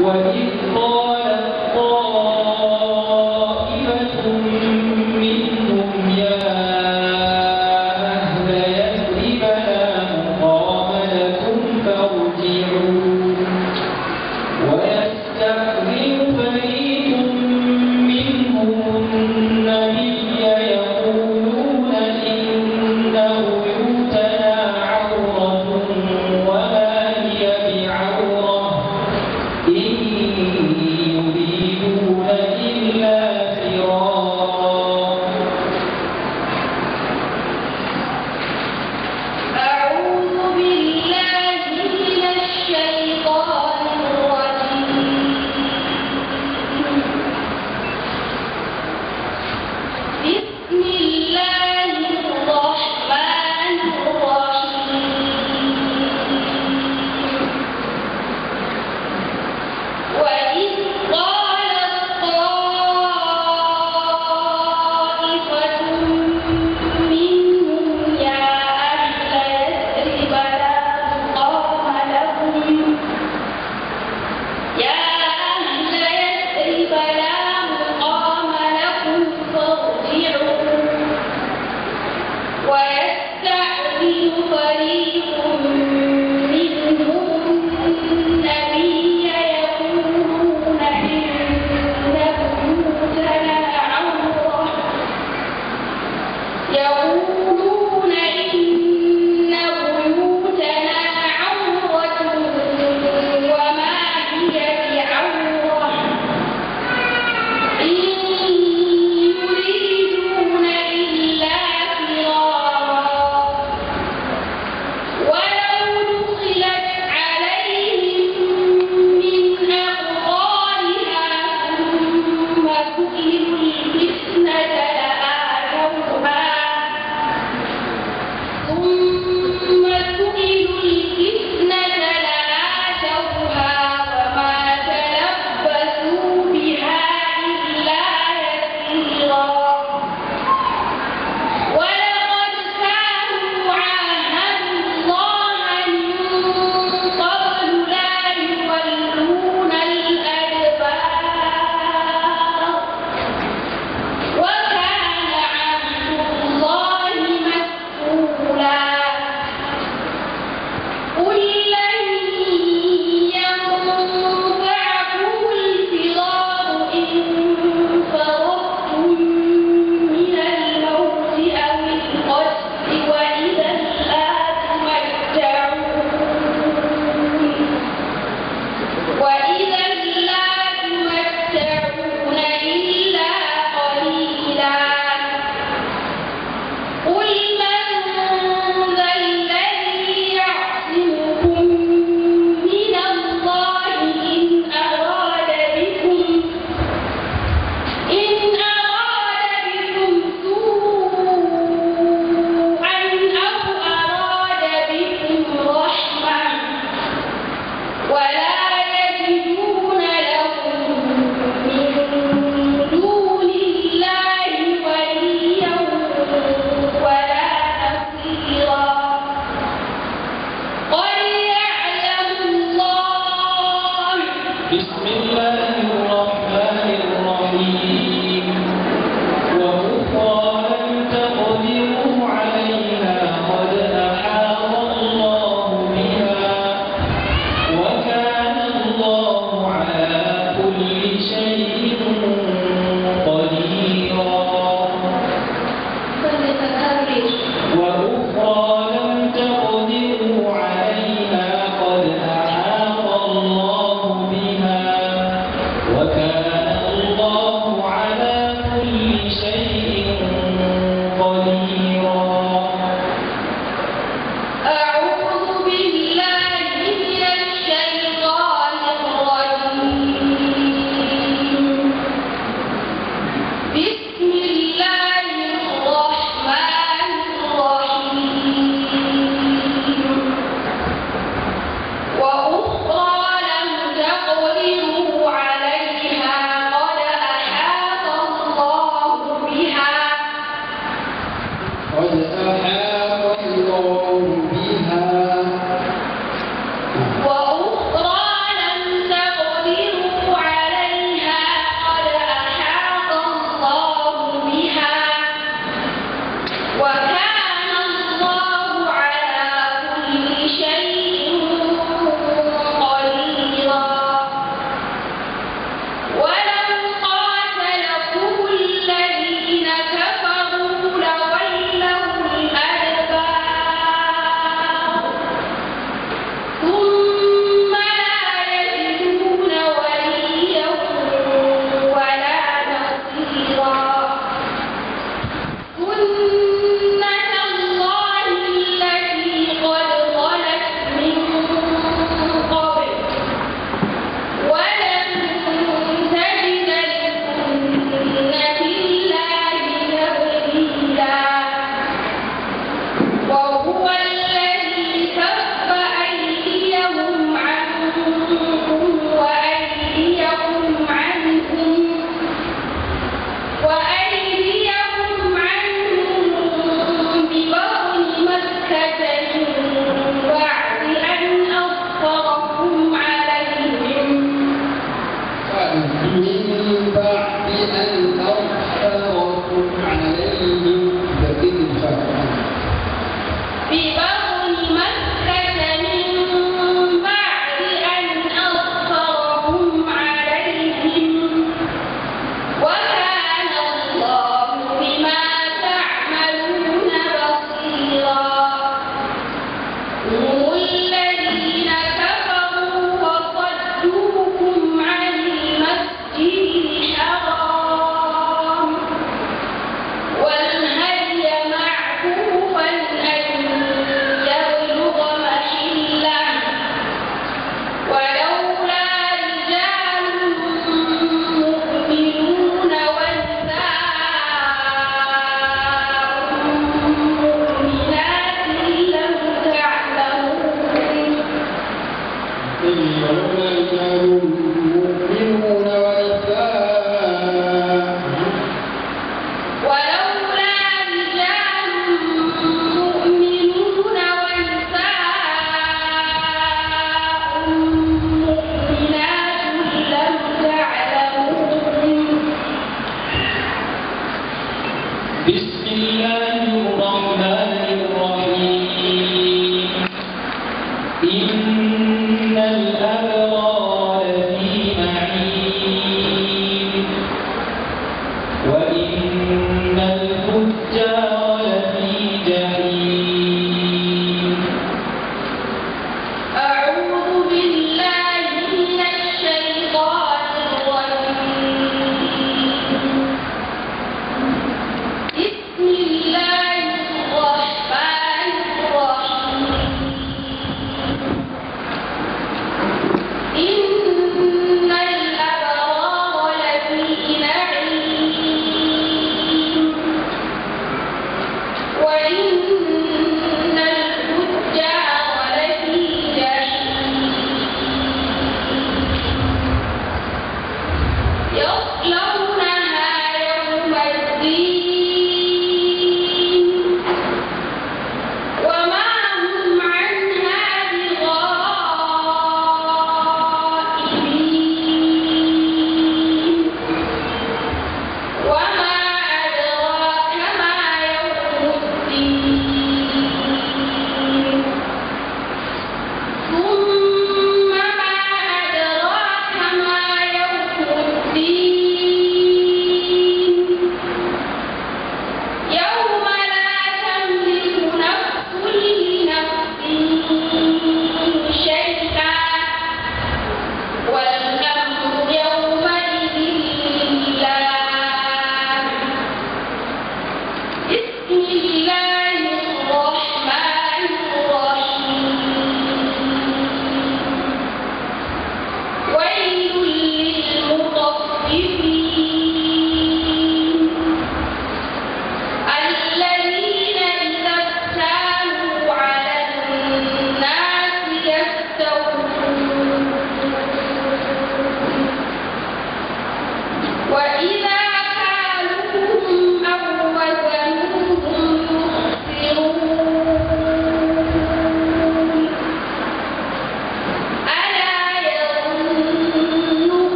وإذ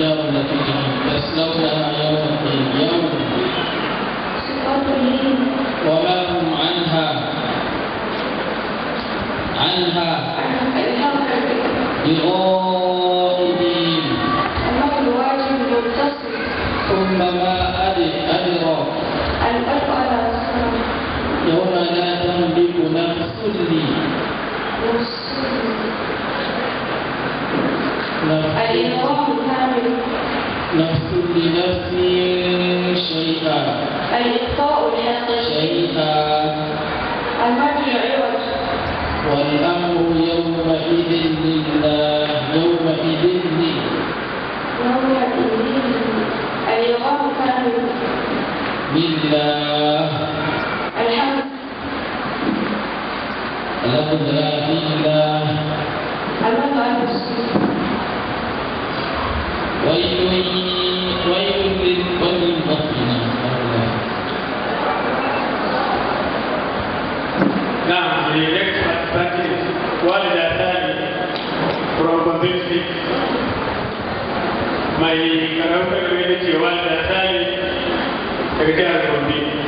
نار لكم جهنم يصلونها يوم الدين يوم وما هم عنها عنها بغائبين ثم ما أدري أدرى يوم لا تملك نفس لي الإدغام كامل نقص لنفسي شيئا الإخطاء الحق شيئا المدح عوض والأمر يومئذ لله يومئذ لي يومئذ الإدغام كامل لله الحمد الحمد لله المدح mai karamfar game da cewa da tsari daga jihar gombe